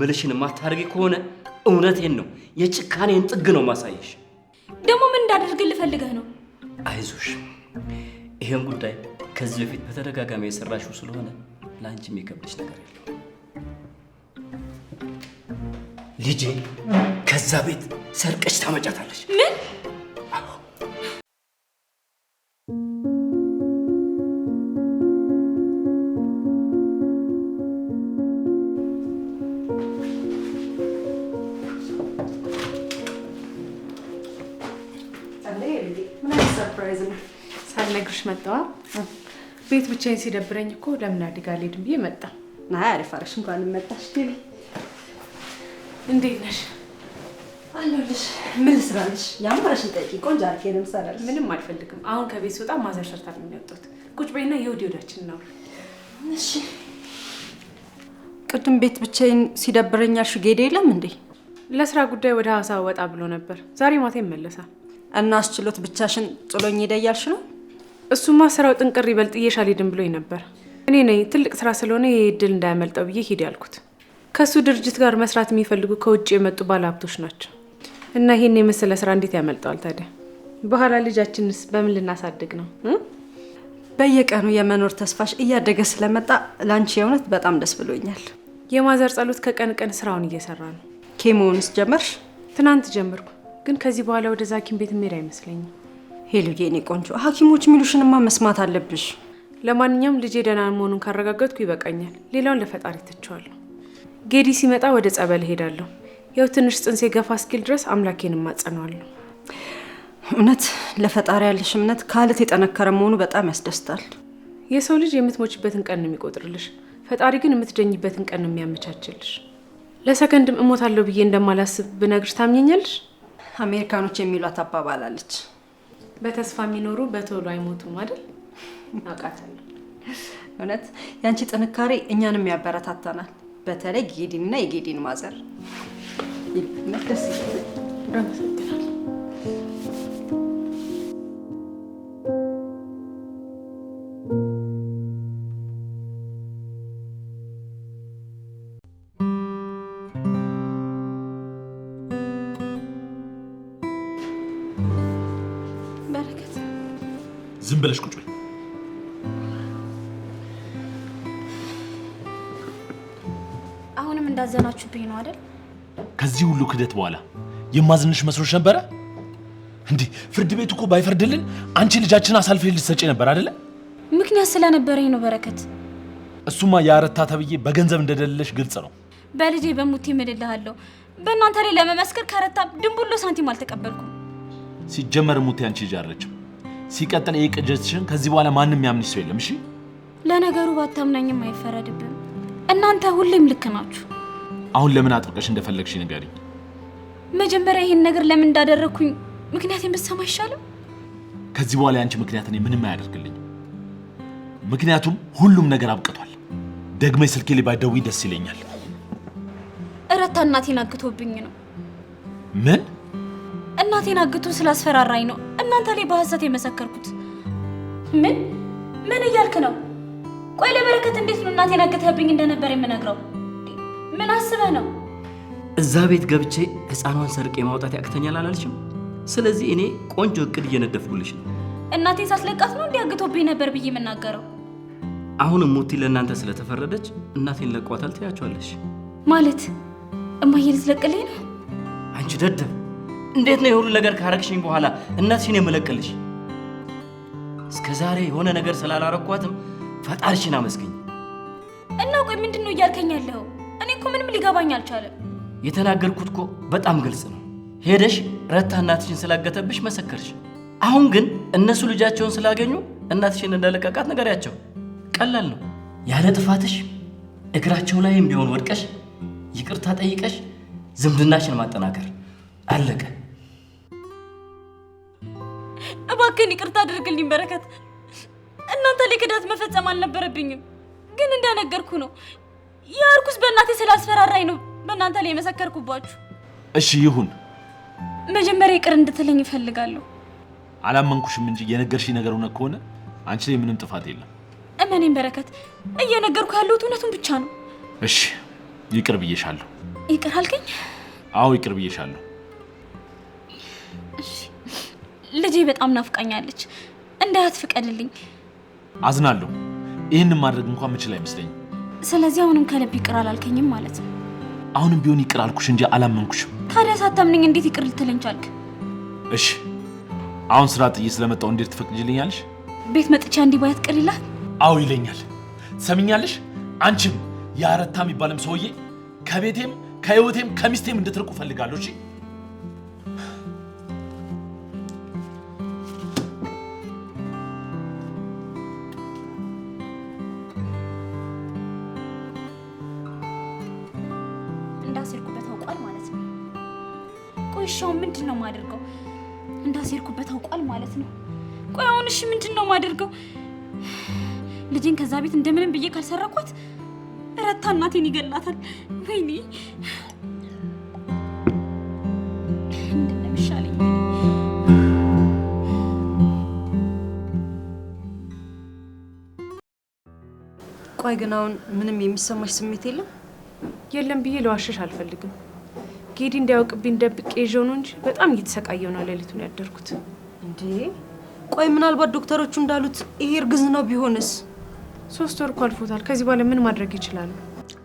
ምልሽን የማታደርጊ ከሆነ እውነቴን ነው የጭካኔን ጥግ ነው ማሳየሽ። ደግሞ ምን እንዳደርግልህ ፈልገህ ነው? አይዞሽ፣ ይሄን ጉዳይ ከዚህ በፊት በተደጋጋሚ የሰራሽው ስለሆነ ለአንቺ የሚከብድሽ ነገር የለው። ልጄ ከዛ ቤት ሰርቀሽ ታመጫታለሽ። ሰርፕራይዝ ነው። ሳልነግርሽ መጣዋ። ቤት ብቻዬን ሲደብረኝ እኮ ለምን አድጋ አልሄድም ብዬ መጣ። አሪፍ አደረግሽ፣ እንኳን መጣሽ። ቲቪ እንዴት ነሽ? አለሁልሽ። ምን ልስራልሽ? ያማረሽን ጠቂ። ቆንጆ አርኬ ነው የምሰራልሽ። ምንም አልፈልግም። አሁን ከቤት ስወጣ ማዘር ሰርታ ነው የሚወጡት። ቁጭ በይና የወዲ ወዳችን ነው። እሺ። ቅድም ቤት ብቻዬን ሲደብረኝ አልሽ ጌዴ የለም እንዴ? ለስራ ጉዳይ ወደ ሀዋሳ ወጣ ብሎ ነበር። ዛሬ ማታ ይመለሳል። እና አስችሎት ብቻሽን ጥሎኝ ሄደ እያልሽ ነው? እሱማ ስራው ጥንቅር ይበልጥ ጥዬሽ አልሄድም ብሎኝ ነበር። እኔ ነኝ ትልቅ ስራ ስለሆነ ይህ እድል እንዳያመልጠው ብዬ ሄድ ያልኩት። ከእሱ ድርጅት ጋር መስራት የሚፈልጉ ከውጭ የመጡ ባለሀብቶች ናቸው እና ይህን የመሰለ ስራ እንዴት ያመልጠዋል ታዲያ? በኋላ ልጃችንስ በምን ልናሳድግ ነው? በየቀኑ የመኖር ተስፋሽ እያደገ ስለመጣ ለአንቺ የእውነት በጣም ደስ ብሎኛል። የማዘር ጸሎት ከቀን ቀን ስራውን እየሰራ ነው። ኬሞንስ ጀመርሽ? ትናንት ጀመርኩ። ግን ከዚህ በኋላ ወደዛ ሐኪም ቤት የምሄድ አይመስለኝም። ሄሉዬ የኔ ቆንጆ ሐኪሞች የሚሉሽንማ መስማት አለብሽ። ለማንኛውም ልጄ ደህና መሆኑን ካረጋገጥኩ ይበቃኛል። ሌላውን ለፈጣሪ ትቸዋለሁ። ጌዲ ሲመጣ ወደ ጸበል እሄዳለሁ። ያው ትንሽ ጽንሴ ገፋ እስኪል ድረስ አምላኬን እማጸነዋለሁ። እውነት ለፈጣሪ ያለሽ እምነት ከአለት የጠነከረ መሆኑ በጣም ያስደስታል። የሰው ልጅ የምትሞችበትን ቀን ነው የሚቆጥርልሽ፣ ፈጣሪ ግን የምትደኝበትን ቀን ነው የሚያመቻችልሽ። ለሰከንድም እሞታለሁ ብዬ እንደማላስብ ብነግርሽ ታምኘኛለሽ? አሜሪካኖች የሚሏት አባባላለች። በተስፋ የሚኖሩ በቶሎ አይሞቱም አይደል? አውቃታለሁ። እውነት ያንቺ ጥንካሬ እኛንም ያበረታታናል። በተለይ ጌዲንና የጌዲን ማዘር ደስ ዝም ብለሽ ቁጭ በይ። አሁንም እንዳዘናችሁብኝ ነው አይደል? ከዚህ ሁሉ ክደት በኋላ የማዝንሽ መስሮች ነበረ እንዴ? ፍርድ ቤት እኮ ባይፈርድልን አንቺ ልጃችን አሳልፌ ልትሰጪ ነበር አይደለ? ምክንያት ስለነበረኝ ነው በረከት። እሱማ የአረታ ተብዬ በገንዘብ እንደደለለሽ ግልጽ ነው። በልጄ በሙቴ እምልልሃለሁ፣ በእናንተ ላይ ለመመስከር ከረታ ድንቡሎ ሳንቲም አልተቀበልኩም። ሲጀመር ሙቴ አንቺ ልጅ አለችም ሲቀጥል ይህ ቅጀትሽን ከዚህ በኋላ ማንም ያምንሽ ሰው የለም። እሺ። ለነገሩ ባታምናኝም አይፈረድብም። እናንተ ሁሌም ልክ ናችሁ። አሁን ለምን አጥብቀሽ እንደፈለግሽ ንገሪኝ። መጀመሪያ ይሄን ነገር ለምን እንዳደረግኩኝ ምክንያቴን ብትሰማ አይሻልም? ከዚህ በኋላ የአንቺ ምክንያት እኔ ምንም አያደርግልኝ። ምክንያቱም ሁሉም ነገር አብቅቷል። ደግመ ስልኬ ላይ ባትደውይ ደስ ይለኛል። እረታ እናቴን አግቶብኝ ነው። ምን እናቴን አግቶ ስላስፈራራኝ ነው እናንተ ላይ በሐሰት የመሰከርኩት። ምን ምን እያልክ ነው? ቆይ ለበረከት እንዴት ነው እናቴን አግተህብኝ እንደነበር የምነግረው? ምን አስበህ ነው? እዛ ቤት ገብቼ ሕፃኗን ሰርቄ ማውጣት ያቅተኛል አላልሽም? ስለዚህ እኔ ቆንጆ እቅድ እየነደፍኩልሽ ነው። እናቴን ሳትለቃት ነው እንዲህ አግቶብኝ ነበር ብዬ የምናገረው። አሁንም ሞቲ ለእናንተ ስለተፈረደች እናቴን ለቋታል ትያቸዋለሽ ማለት እማዬ ልትለቅልኝ ነው? አንቺ ደደብ እንዴት ነው የሁሉ ነገር ካረግሽኝ በኋላ እናትሽን የመለቅልሽ? እስከ ዛሬ የሆነ ነገር ስላላረኳትም ፈጣሪሽን አመስግኝ። እና ቆይ ምንድን ነው እያልከኝ ያለው? እኔ እኮ ምንም ሊገባኝ አልቻለም። የተናገርኩት እኮ በጣም ግልጽ ነው። ሄደሽ ረታ እናትሽን ስላገተብሽ መሰከርሽ። አሁን ግን እነሱ ልጃቸውን ስላገኙ እናትሽን እንደለቀቃት ንገሪያቸው። ቀላል ነው። ያለ ጥፋትሽ እግራቸው ላይም ቢሆን ወድቀሽ ይቅርታ ጠይቀሽ ዝምድናሽን ማጠናከር አለቀ። እባክህን ይቅርታ አድርግልኝ በረከት። እናንተ ላይ ክዳት መፈጸም አልነበረብኝም፣ ግን እንደነገርኩ ነው ያ በእናቴ ስላስፈራራኝ ነው በእናንተ ላይ የመሰከርኩባችሁ። እሺ ይሁን፣ መጀመሪያ ይቅር እንድትለኝ እፈልጋለሁ። አላመንኩሽም እንጂ የነገርሽኝ ነገር እውነት ከሆነ አንቺ ላይ ምንም ጥፋት የለም። እመኔን በረከት፣ እየነገርኩ ያለሁት እውነቱን ብቻ ነው። እሺ ይቅር ብዬሻለሁ። ይቅር አልከኝ? አዎ ይቅር ብዬሻለሁ። ልጄ በጣም ናፍቃኛለች። እንዳያት ፍቀድልኝ። አዝናለሁ። ይህንን ማድረግ እንኳን ምችል አይመስለኝ። ስለዚህ አሁንም ከልብ ይቅር አላልከኝም ማለት ነው? አሁንም ቢሆን ይቅር አልኩሽ እንጂ አላመንኩሽም። ታዲያ ሳታምንኝ እንዴት ይቅር ልትለኝ ቻልክ? እሺ አሁን ስራ ጥዬ ስለመጣው እንዴት ትፈቅጅልኛለሽ? ቤት መጥቻ እንዲህ ባያት ቅር ይላል? አዎ ይለኛል። ሰምኛለሽ። አንቺም ያረታ የሚባልም ሰውዬ ከቤቴም ከህይወቴም ከሚስቴም እንድትርቁ ፈልጋለሁ። እሺ እንዳሴርኩበት አውቋል ማለት ነው። ቆይሻው ምንድን ነው ማደርገው? እንዳሴርኩበት አውቋል ማለት ነው። ቆይ አሁን እሺ፣ ምንድን ነው ማደርገው? ልጄን ከዛ ቤት እንደምንም ብዬ ካልሰረኳት ረታ እናቴን ይገላታል። ወይኔ እንደሚሻለኝ ቆይ ግን አሁን ምንም የሚሰማሽ ስሜት የለም? የለም ብዬ ለዋሸሽ አልፈልግም። ጌዲ እንዳያውቅብኝ ደብቄ ይዤው ነው እንጂ በጣም እየተሰቃየው ነው ሌሊቱን ያደርኩት። እንዴ ቆይ ምናልባት ዶክተሮቹ እንዳሉት ይሄ እርግዝናው ቢሆንስ? ሶስት ወር እኮ አልፎታል። ከዚህ በኋላ ምን ማድረግ ይችላሉ?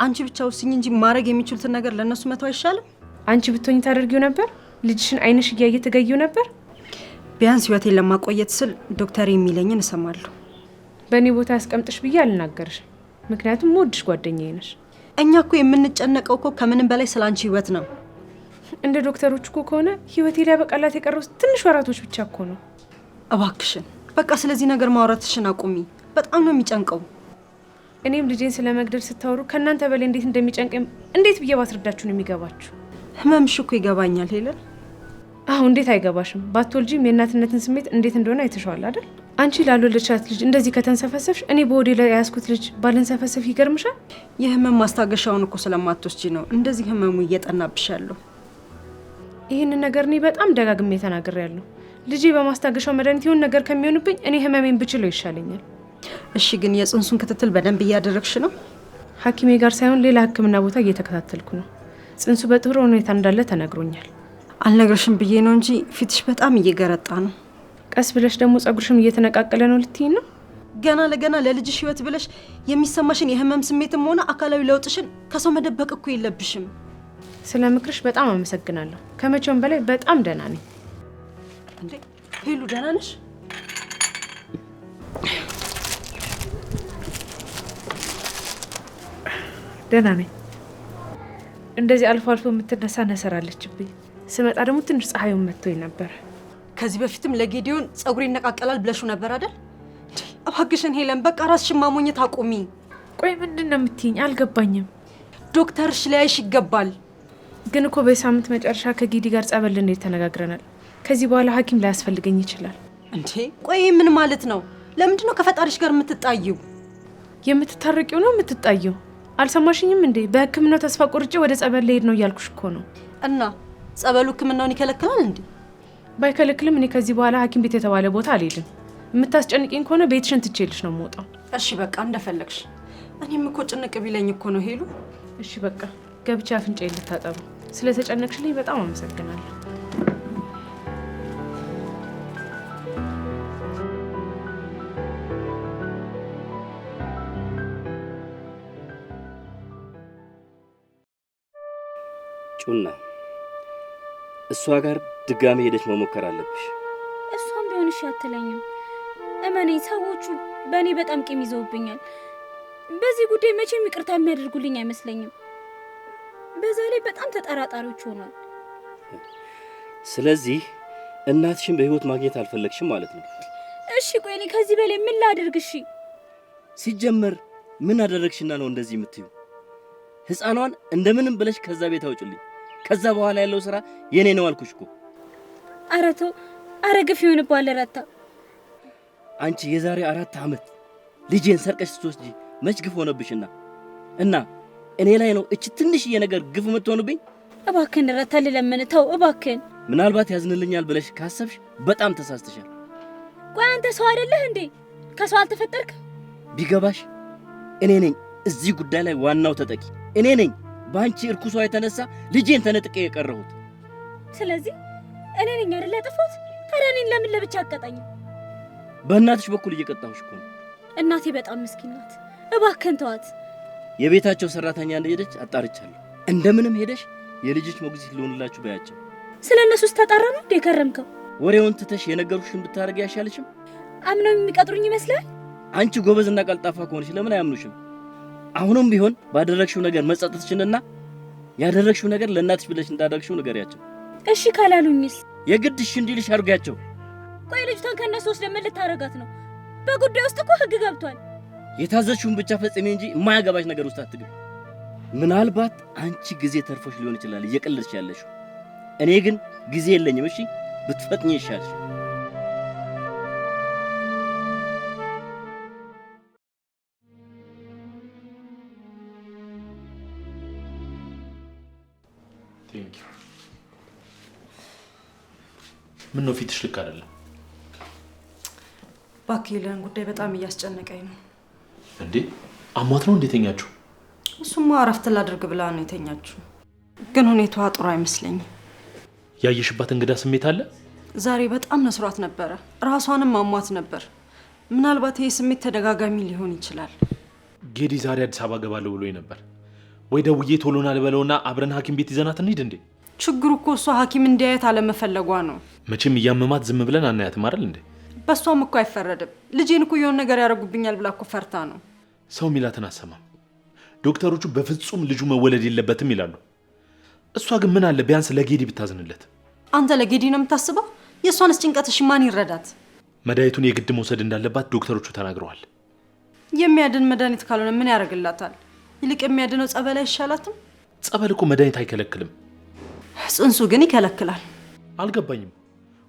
አንቺ ብቻ ውስኝ እንጂ ማድረግ የሚችሉትን ነገር ለእነሱ መተው አይሻልም? አንቺ ብትሆኝ ታደርጊው ነበር? ልጅሽን አይንሽ እያየ ተገኘው ነበር? ቢያንስ ህይወቴን ለማቆየት ስል ዶክተር የሚለኝን እሰማለሁ። በእኔ ቦታ ያስቀምጥሽ ብዬ አልናገርሽ፣ ምክንያቱም ወድሽ ጓደኛዬ ነሽ። እኛ እኮ የምንጨነቀው እኮ ከምንም በላይ ስለ አንቺ ህይወት ነው። እንደ ዶክተሮች እኮ ከሆነ ህይወቴ ሊያበቃላት የቀረው ትንሽ ወራቶች ብቻ እኮ ነው። እባክሽን በቃ ስለዚህ ነገር ማውራትሽን አቁሚ። በጣም ነው የሚጨንቀው። እኔም ልጄን ስለ መግደል ስታወሩ ከእናንተ በላይ እንዴት እንደሚጨንቅ እንዴት ብዬ ባስረዳችሁ ነው የሚገባችሁ። ህመምሽ እኮ ይገባኛል ሄለን። አሁ እንዴት አይገባሽም? ባቶልጂም የእናትነትን ስሜት እንዴት እንደሆነ አይተሸዋል አይደል? አንቺ ላልወለድሻት ልጅ እንደዚህ ከተንሰፈሰፍሽ እኔ በወዴ ላይ ያስኩት ልጅ ባልንሰፈሰፍ ይገርምሻል? የህመም ማስታገሻውን እኮ ስለማትወስጂ ነው እንደዚህ ህመሙ እየጠናብሻለሁ። ይህንን ነገር እኔ በጣም ደጋግሜ ተናግሬያለሁ። ልጄ በማስታገሻው መድኃኒት የሆነ ነገር ከሚሆንብኝ እኔ ህመሜን ብችለው ይሻለኛል። እሺ፣ ግን የጽንሱን ክትትል በደንብ እያደረግሽ ነው? ሐኪሜ ጋር ሳይሆን ሌላ ህክምና ቦታ እየተከታተልኩ ነው። ጽንሱ በጥሩ ሁኔታ እንዳለ ተነግሮኛል። አልነግረሽም ብዬ ነው እንጂ ፊትሽ በጣም እየገረጣ ነው። ቀስ ብለሽ ደግሞ ጸጉርሽም እየተነቃቀለ ነው ልትይ ነው? ገና ለገና ለልጅሽ ህይወት ብለሽ የሚሰማሽን የህመም ስሜትም ሆነ አካላዊ ለውጥሽን ከሰው መደበቅ እኮ የለብሽም። ስለ ምክርሽ በጣም አመሰግናለሁ። ከመቼውም በላይ በጣም ደህና ነኝ። እንዴ ሄሉ፣ ደህና ነሽ? ደህና ነኝ። እንደዚህ አልፎ አልፎ የምትነሳ ነሰራለችብኝ። ስመጣ ደግሞ ትንሽ ፀሐዩን መጥቶኝ ነበር ከዚህ በፊትም ለጌዲዮን ጸጉሬ ይነቃቀላል ብለሹ ነበር አይደል? እባክሽን ሄለን በቃ ራስሽን ማሞኘት አቁሚ። ቆይ ምንድን ነው የምትይኝ? አልገባኝም። ዶክተርሽ ሊያይሽ ይገባል። ግን እኮ በሳምንት መጨረሻ ከጌዲ ጋር ጸበል ልንሄድ ተነጋግረናል። ከዚህ በኋላ ሐኪም ላያስፈልገኝ ይችላል። እንዴ ቆይ ምን ማለት ነው? ለምንድን ነው ከፈጣሪሽ ጋር የምትጣየው? የምትታረቂው ነው የምትጣየው? አልሰማሽኝም እንዴ? በህክምናው ተስፋ ቆርጬ ወደ ጸበል ልሄድ ነው እያልኩሽ እኮ ነው። እና ጸበሉ ህክምናውን ይከለክላል እንዴ? ባይከለክልም እኔ ከዚህ በኋላ ሐኪም ቤት የተባለ ቦታ አልሄድም። የምታስጨንቅኝ ከሆነ ቤትሽን ትቼልሽ ነው የምወጣው። እሺ በቃ እንደፈለግሽ። እኔም እኮ ጭንቅ ቢለኝ እኮ ነው ሄሉ። እሺ በቃ ገብቼ አፍንጫ ልታጠቡ። ስለተጨነቅሽልኝ በጣም አመሰግናለሁ። ጩና እሷ ጋር ድጋሜ ሄደች መሞከር አለብሽ። እሷም ቢሆን እሺ አትለኝም። እመኔ ሰዎቹ በእኔ በጣም ቂም ይዘውብኛል። በዚህ ጉዳይ መቼም ይቅርታ የሚያደርጉልኝ አይመስለኝም። በዛ ላይ በጣም ተጠራጣሪዎች ሆኗል። ስለዚህ እናትሽን በህይወት ማግኘት አልፈለግሽም ማለት ነው? እሺ ቆይ እኔ ከዚህ በላይ ምን ላደርግ? እሺ ሲጀመር ምን አደረግሽና ነው እንደዚህ የምትዩ? ህፃኗን እንደምንም ብለሽ ከዛ ቤት አውጭልኝ። ከዛ በኋላ ያለው ስራ የኔ ነው አልኩሽ እኮ ኧረ ተው፣ ኧረ ግፍ ይሆንብሃል ረታ። አንቺ የዛሬ አራት ዓመት ልጄን ሰርቀሽ ስትወስጂ መች ግፍ ሆነብሽና? እና እኔ ላይ ነው እች ትንሽዬ ነገር ግፍ የምትሆንብኝ? እባክህን ረታ ልለምን፣ ተው እባክህን። ምናልባት ያዝንልኛል ብለሽ ካሰብሽ በጣም ተሳስተሻል። ቆይ አንተ ሰው አይደለህ እንዴ? ከሰው አልተፈጠርክ? ቢገባሽ እኔ ነኝ እዚህ ጉዳይ ላይ ዋናው ተጠቂ እኔ ነኝ። በአንቺ እርኩሷ የተነሳ ልጄን ተነጥቄ የቀረሁት። ስለዚህ እኔ ነኝ አይደል ያጠፋሁት? ታዲያ እኔን ለምን ለብቻ አቀጣኝ? በእናትሽ በኩል እየቀጣሁሽ እኮ ነው። እናቴ በጣም ምስኪን ናት። እባክህን ተዋት። የቤታቸው ሰራተኛ እንደሄደች አጣርቻለሁ። እንደምንም ሄደሽ የልጅሽ ሞግዚት ሊሆንላችሁ በያቸው። ስለ እነሱ ተጣራ ነው እንዴ የከረምከው? ወሬውን ትተሽ የነገሩሽን ብታደርግ አይሻልሽም? አምነው የሚቀጥሩኝ ይመስላል። አንቺ ጎበዝና ቀልጣፋ ከሆንሽ ለምን አያምኑሽም? አሁንም ቢሆን ባደረግሽው ነገር መጸጸትሽንና ያደረግሽው ነገር ለእናትሽ ብለሽ እንዳደረግሽው ንገሪያቸው። እሺ ካላሉኝስ? የግድ እሺ እንዲልሽ አድርጋቸው። ቆይ ልጅቷን ከእነሱ ወስደህ ምን ልታረጋት ነው? በጉዳይ ውስጥ እኮ ህግ ገብቷል። የታዘዝሽውን ብቻ ፈጽሜ እንጂ የማያገባሽ ነገር ውስጥ አትግቢ። ምናልባት አንቺ ጊዜ ተርፎሽ ሊሆን ይችላል እየቀለድሽ ያለሽው። እኔ ግን ጊዜ የለኝም። እሺ ብትፈጥኚ ይሻልሽ። ቴንኪው ምን ነው ፊትሽ ልክ አይደለም። እባክህ የለን ጉዳይ በጣም እያስጨነቀኝ ነው። እንዴ አሟት ነው እንዴ የተኛችሁ? እሱማ እረፍት ላድርግ ብላ ነው የተኛችሁ። ግን ሁኔታዋ ጥሩ አይመስለኝም። ያየሽባት እንግዳ ስሜት አለ። ዛሬ በጣም ነስሯት ነበረ። ራሷንም አሟት ነበር። ምናልባት ይህ ስሜት ተደጋጋሚ ሊሆን ይችላል። ጌዲ ዛሬ አዲስ አበባ ገባለሁ ብሎኝ ነበር። ወይ ደውዬ ቶሎና ልበለውና አብረን ሐኪም ቤት ይዘናት እንሂድ እንዴ ችግሩ እኮ እሷ ሐኪም እንዲያየት አለመፈለጓ ነው። መቼም እያመማት ዝም ብለን አናያትም አይደል እንዴ? በእሷም እኮ አይፈረድም። ልጄን እኮ የሆነ ነገር ያደርጉብኛል ብላ እኮ ፈርታ ነው። ሰው ሚላትን አሰማም። ዶክተሮቹ በፍጹም ልጁ መወለድ የለበትም ይላሉ። እሷ ግን ምን አለ ቢያንስ ለጌዲ ብታዝንለት። አንተ ለጌዲ ነው የምታስበው? የእሷንስ ጭንቀትሽ ማን ይረዳት? መድኃኒቱን የግድ መውሰድ እንዳለባት ዶክተሮቹ ተናግረዋል። የሚያድን መድኃኒት ካልሆነ ምን ያደርግላታል? ይልቅ የሚያድነው ጸበል አይሻላትም? ጸበል እኮ መድኃኒት አይከለክልም። ጽንሱ ግን ይከለክላል። አልገባኝም።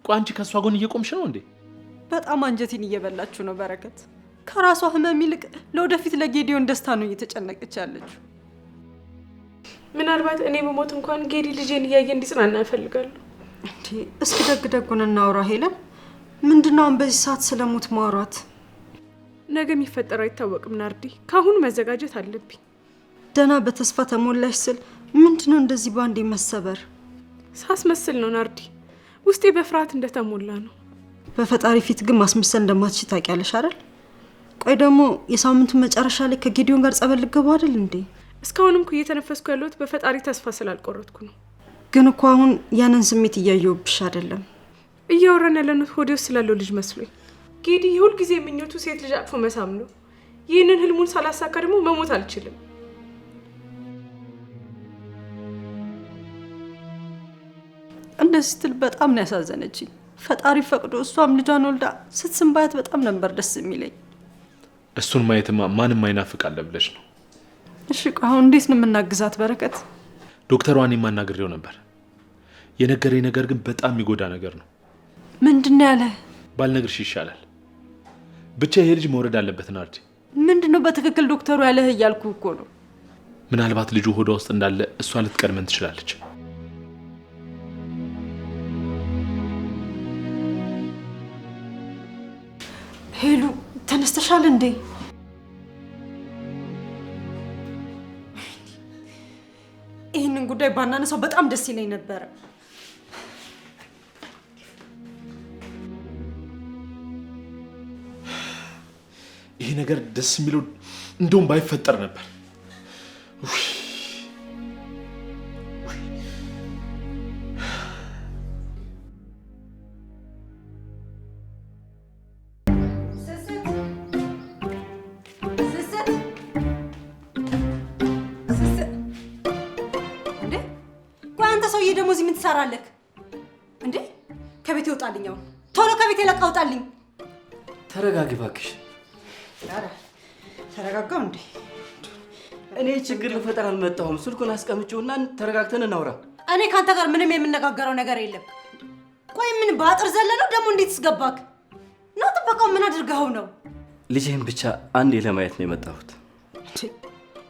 ቆይ አንቺ ከእሷ ጎን እየቆምሽ ነው እንዴ? በጣም አንጀቴን እየበላችሁ ነው በረከት። ከራሷ ህመም ይልቅ ለወደፊት ለጌዲዮን ደስታ ነው እየተጨነቀች ያለችው። ምናልባት እኔ በሞት እንኳን ጌዲ ልጄን እያየ እንዲጽናና እፈልጋለሁ። እንዴ እስኪ ደግ ደጉን እናውራ ሄለን። ምንድናውን በዚህ ሰዓት ስለሞት ማውራት? ነገ ይፈጠር አይታወቅም ናርዲ፣ ከአሁኑ መዘጋጀት አለብኝ። ደህና በተስፋ ተሞላሽ ስል ምንድነው እንደዚህ በአንዴ መሰበር ሳስመስል ነው ናርዲ። ውስጤ በፍርሃት እንደተሞላ ነው። በፈጣሪ ፊት ግን ማስመሰል እንደማትሽ ታውቂያለሽ አይደል? ቆይ ደግሞ የሳምንቱ መጨረሻ ላይ ከጌዲዮን ጋር ጸበል ልገቡ አይደል እንዴ? እስካሁንም እኮ እየተነፈስኩ ያለሁት በፈጣሪ ተስፋ ስላልቆረጥኩ ነው። ግን እኮ አሁን ያንን ስሜት እያየውብሽ አይደለም። እያወራን ያለነው ሆዴ ውስጥ ስላለው ልጅ መስሎኝ። ጌዲ የሁልጊዜ የምኞቱ ሴት ልጅ አቅፎ መሳም ነው። ይህንን ህልሙን ሳላሳካ ደግሞ መሞት አልችልም። እንደዚህ ስትል በጣም ነው ያሳዘነችኝ። ፈጣሪ ፈቅዶ እሷም ልጇን ወልዳ ስትስም ባያት በጣም ነበር ደስ የሚለኝ። እሱን ማየትማ ማንም አይናፍቃለ ብለሽ ነው? እሺ አሁን እንዴት ነው የምናግዛት? በረከት ዶክተሯን የማናግሬው ነበር። የነገረኝ ነገር ግን በጣም የሚጎዳ ነገር ነው። ምንድን ያለ ባልነግርሽ ይሻላል። ብቻ ይሄ ልጅ መውረድ አለበት። ናርዲ ምንድን ነው በትክክል ዶክተሩ ያለህ? እያልኩ እኮ ነው። ምናልባት ልጁ ሆዷ ውስጥ እንዳለ እሷ ልትቀድመን ትችላለች። ሄሉ ተነስተሻል እንዴ? ይህንን ጉዳይ ባናነሳው በጣም ደስ ይለኝ ነበረ። ይሄ ነገር ደስ የሚለው እንደውም ባይፈጠር ነበር። አንተ ሰውዬ ደግሞ እዚህ ምን ትሰራለህ እንዴ? ከቤት ይወጣልኝ። አሁን ቶሎ ከቤት የለቃ ውጣልኝ። ተረጋጊ እባክሽ። ተረጋጋው እንዴ? እኔ ችግር ልፈጠር አልመጣሁም። ስልኩን አስቀምጬውና ተረጋግተን እናውራ። እኔ ከአንተ ጋር ምንም የምነጋገረው ነገር የለም። ቆይ ምን በአጥር ዘለነው ደግሞ? እንዴት ስገባክ ነው? ጥበቃው ምን አድርገኸው ነው? ልጄን ብቻ አንዴ ለማየት ነው የመጣሁት።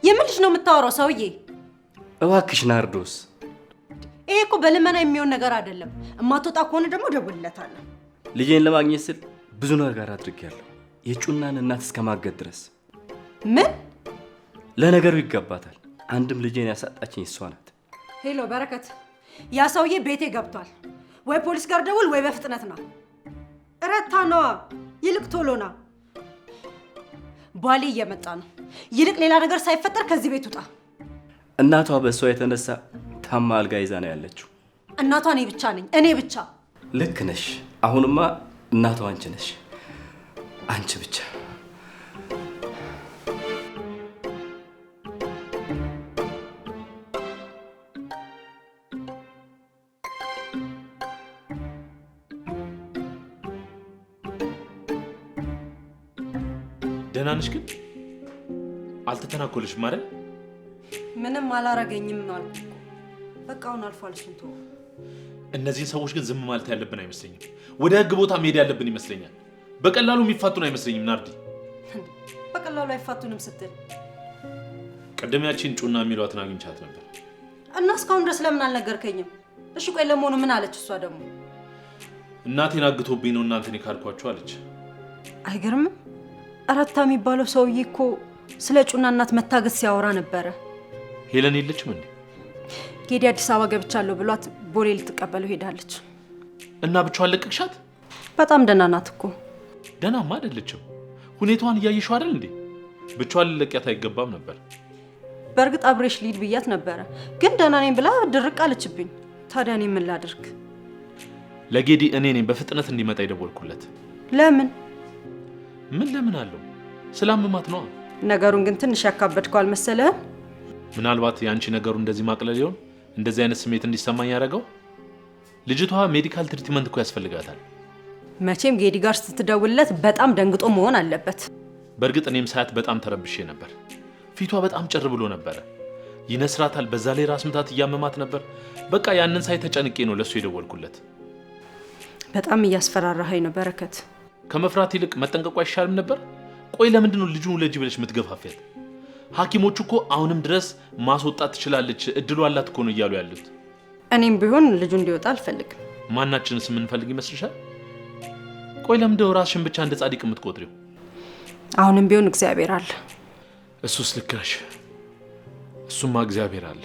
የምን ልጅ ነው የምታወራው ሰውዬ? እባክሽ ናርዶስ ይሄ እኮ በልመና የሚሆን ነገር አይደለም። እማትወጣ ከሆነ ደግሞ እደውልለታለሁ። ልጄን ለማግኘት ስል ብዙ ነገር አድርጌያለሁ፣ የጩናን እናት እስከማገት ድረስ። ምን ለነገሩ ይገባታል። አንድም ልጄን ያሳጣችኝ እሷ ናት። ሄሎ በረከት፣ ያ ሰውዬ ቤቴ ገብቷል። ወይ ፖሊስ ጋር ደውል፣ ወይ በፍጥነት ና። እረታ ነዋ፣ ይልቅ ቶሎ ና። ቧሌ እየመጣ ነው። ይልቅ ሌላ ነገር ሳይፈጠር ከዚህ ቤት ውጣ። እናቷ በእሷ የተነሳ ታማ አልጋ ይዛ ነው ያለችው። እናቷ እኔ ብቻ ነኝ፣ እኔ ብቻ። ልክ ነሽ። አሁንማ እናቷ አንቺ ነሽ፣ አንቺ ብቻ። ደህና ነሽ ግን አልተተናኮልሽም አይደል? ምንም አላረገኝም አልኩ። በቃ አሁን አልፏል። ስንቶ እነዚህን ሰዎች ግን ዝም ማለት ያለብን አይመስለኝም። ወደ ህግ ቦታ መሄድ ያለብን ይመስለኛል። በቀላሉ የሚፋቱን አይመስለኝም። ናርዲ፣ በቀላሉ አይፋቱንም ስትል ቅድም ያቺን ጩና የሚሏትን አግኝቻት ነበር እና እስካሁን ድረስ ለምን አልነገርከኝም? እሺ ቆይ ለመሆኑ ምን አለች እሷ? ደግሞ እናቴን አግቶብኝ ነው እናንተን የካድኳችሁ አለች። አይገርምም? አራታ የሚባለው ሰውዬ እኮ ስለ ጩና እናት መታገስ ሲያወራ ነበረ። ሄለን የለችም እንዴ? ጌዲ አዲስ አበባ ገብቻለሁ ብሏት ቦሌ ልትቀበለው ሄዳለች። እና ብቻዋን ለቅቅሻት? በጣም ደህና ናት እኮ። ደህናማ አይደለችም። ሁኔታዋን እያየሽው አይደል እንዴ? ብቻዋን ልለቅያት አይገባም ነበር። በእርግጥ አብሬሽ ልሂድ ብያት ነበረ፣ ግን ደህና ነኝ ብላ ድርቅ አለችብኝ። ታዲያ እኔ ምን ላድርግ? ለጌዲ እኔ ነኝ በፍጥነት እንዲመጣ የደወልኩለት። ለምን ምን ለምን አለው ስላምማት ነዋ። ነገሩን ግን ትንሽ ያካበድከው አልመሰለህም? ምናልባት የአንቺ ነገሩ እንደዚህ ማቅለል ይሆን እንደዚህ አይነት ስሜት እንዲሰማኝ ያደረገው? ልጅቷ ሜዲካል ትሪትመንት እኮ ያስፈልጋታል። መቼም ጌዲ ጋር ስትደውልለት በጣም ደንግጦ መሆን አለበት። በእርግጥ እኔም ሳያት በጣም ተረብሼ ነበር። ፊቷ በጣም ጭር ብሎ ነበረ። ይነስራታል፣ በዛ ላይ ራስ ምታት እያመማት ነበር። በቃ ያንን ሳይ ተጨንቄ ነው ለእሱ የደወልኩለት። በጣም እያስፈራራኸኝ ነው በረከት። ከመፍራት ይልቅ መጠንቀቁ አይሻልም ነበር? ቆይ ለምንድን ነው ልጁን ውለጅ ብለሽ የምትገፋፊያት? ሐኪሞቹ እኮ አሁንም ድረስ ማስወጣት ትችላለች፣ እድሉ አላት እኮ ነው እያሉ ያሉት። እኔም ቢሆን ልጁ እንዲወጣ አልፈልግም። ማናችንስ የምንፈልግ ይመስልሻል? ቆይ ለምንድነው ራስሽን ብቻ እንደ ጻድቅ የምትቆጥሪው? አሁንም ቢሆን እግዚአብሔር አለ። እሱስ ልክ ነሽ። እሱማ እግዚአብሔር አለ፣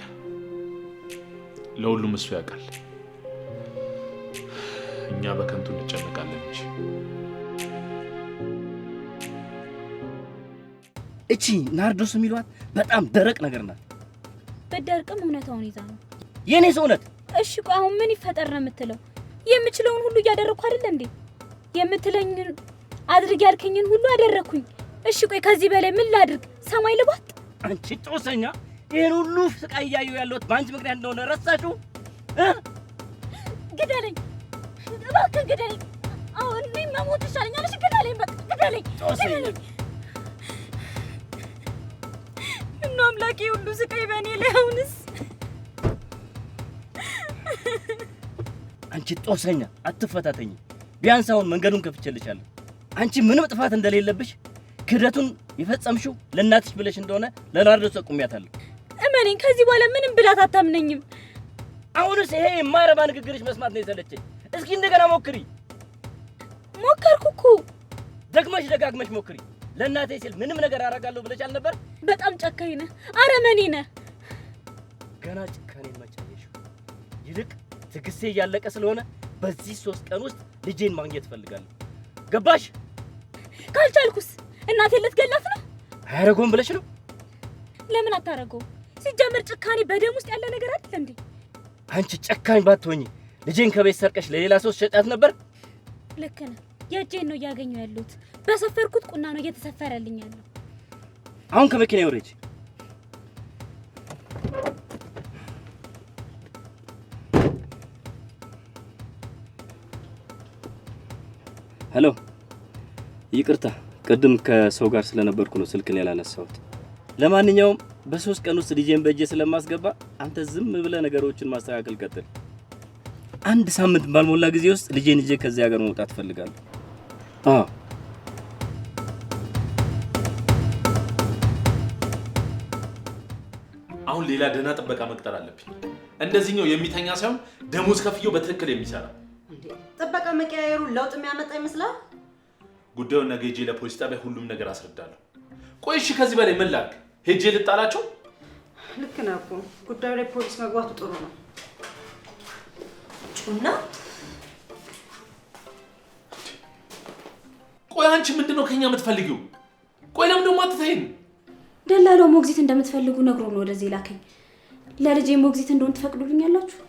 ለሁሉም እሱ ያውቃል። እኛ በከንቱ እንጨነቃለን እንጂ እቺ ናርዶስ የሚሏት በጣም ደረቅ ነገር ናት። በደርቅም እውነታውን ይዛ ነው የእኔ እውነት። እሺ ቆይ አሁን ምን ይፈጠር ነው የምትለው? የምችለውን ሁሉ እያደረግኩ አይደለ እንዴ? የምትለኝን አድርግ ያልከኝን ሁሉ አደረግኩኝ። እሺ ቆይ ከዚህ በላይ ምን ላድርግ? ሰማይ ልባት። አንቺ ጦሰኛ፣ ይህን ሁሉ ስቃይ እያየሁ ያለሁት በአንቺ ምክንያት እንደሆነ ረሳሽው። ግደለኝ እባክህ፣ ግደለኝ። አሁን እኔ መሞት ይሻለኛል። ግደለኝ፣ በቃ ግደለኝ፣ ግደለኝ ማነው አምላኬ ሁሉ ስቃይ በእኔ ላይ አሁንስ? አንቺ ጦሰኛ አትፈታተኝ። ቢያንስ አሁን መንገዱን ከፍቼልሻለሁ። አንቺ ምንም ጥፋት እንደሌለብሽ ክህደቱን የፈጸምሽው ለእናትሽ ብለሽ እንደሆነ ለናርዶስ ጠቁሚያታለሁ። እመኔን ከዚህ በኋላ ምንም ብላት አታምነኝም። አሁንስ ይሄ የማይረባ ንግግርሽ መስማት ነው የሰለቸኝ። እስኪ እንደገና ሞክሪ። ሞከርኩ እኮ ደግመሽ ደጋግመሽ ሞክሪ። ለእናቴ ሲል ምንም ነገር አደርጋለሁ ብለሽ አልነበር? በጣም ጨካኝ ነህ፣ አረመኔ ነህ። ገና ጭካኔ መጫለሽ። ይልቅ ትግስቴ እያለቀ ስለሆነ በዚህ ሶስት ቀን ውስጥ ልጄን ማግኘት እፈልጋለሁ። ገባሽ? ካልቻልኩስ እናቴን ልትገላት ነው? አያደርገውም ብለሽ ነው? ለምን አታደርገውም? ሲጀምር ጭካኔ በደም ውስጥ ያለ ነገር አይደል እንዴ? አንቺ ጨካኝ ባትሆኚ ልጄን ከቤት ሰርቀሽ ለሌላ ሰው ሸጣት ነበር። ልክ ነህ። የእጄን ነው እያገኘሁ ያሉት። በሰፈርኩት ቁና ነው እየተሰፈረልኝ ያለው። አሁን ከመኪና ይወረጅ። ሄሎ፣ ይቅርታ ቅድም ከሰው ጋር ስለነበርኩ ነው ስልክን ያላነሳሁት። ለማንኛውም በሶስት ቀን ውስጥ ዲጄን በእጄ ስለማስገባ አንተ ዝም ብለህ ነገሮችን ማስተካከል ቀጥል። አንድ ሳምንት ባልሞላ ጊዜ ውስጥ ልጄን ይዤ ከዚህ ሀገር መውጣት እፈልጋለሁ። አዎ አሁን ሌላ ደህና ጥበቃ መቅጠር አለብኝ። እንደዚህኛው የሚተኛ ሳይሆን ደሞዝ ከፍየው በትክክል የሚሰራ ጥበቃ መቀያየሩ ለውጥ የሚያመጣ ይመስላል። ጉዳዩን ነገ ሄጄ ለፖሊስ ጣቢያ ሁሉም ነገር አስረዳለሁ። ቆይ እሺ፣ ከዚህ በላይ ምን ላድርግ? ሄጄ ልጣላቸው? ልክ ነህ እኮ ጉዳዩ ላይ ፖሊስ መግባቱ ጥሩ ነው። ያለችው እና ቆይ አንቺ ምንድን ነው ከኛ የምትፈልጊው? ቆይ ለምን ደግሞ አትተይን? ደላላው ሞግዚት እንደምትፈልጉ ነግሮ ነው ወደዚህ ላከኝ። ለልጄ ሞግዚት እንደሆን ትፈቅዱልኛላችሁ?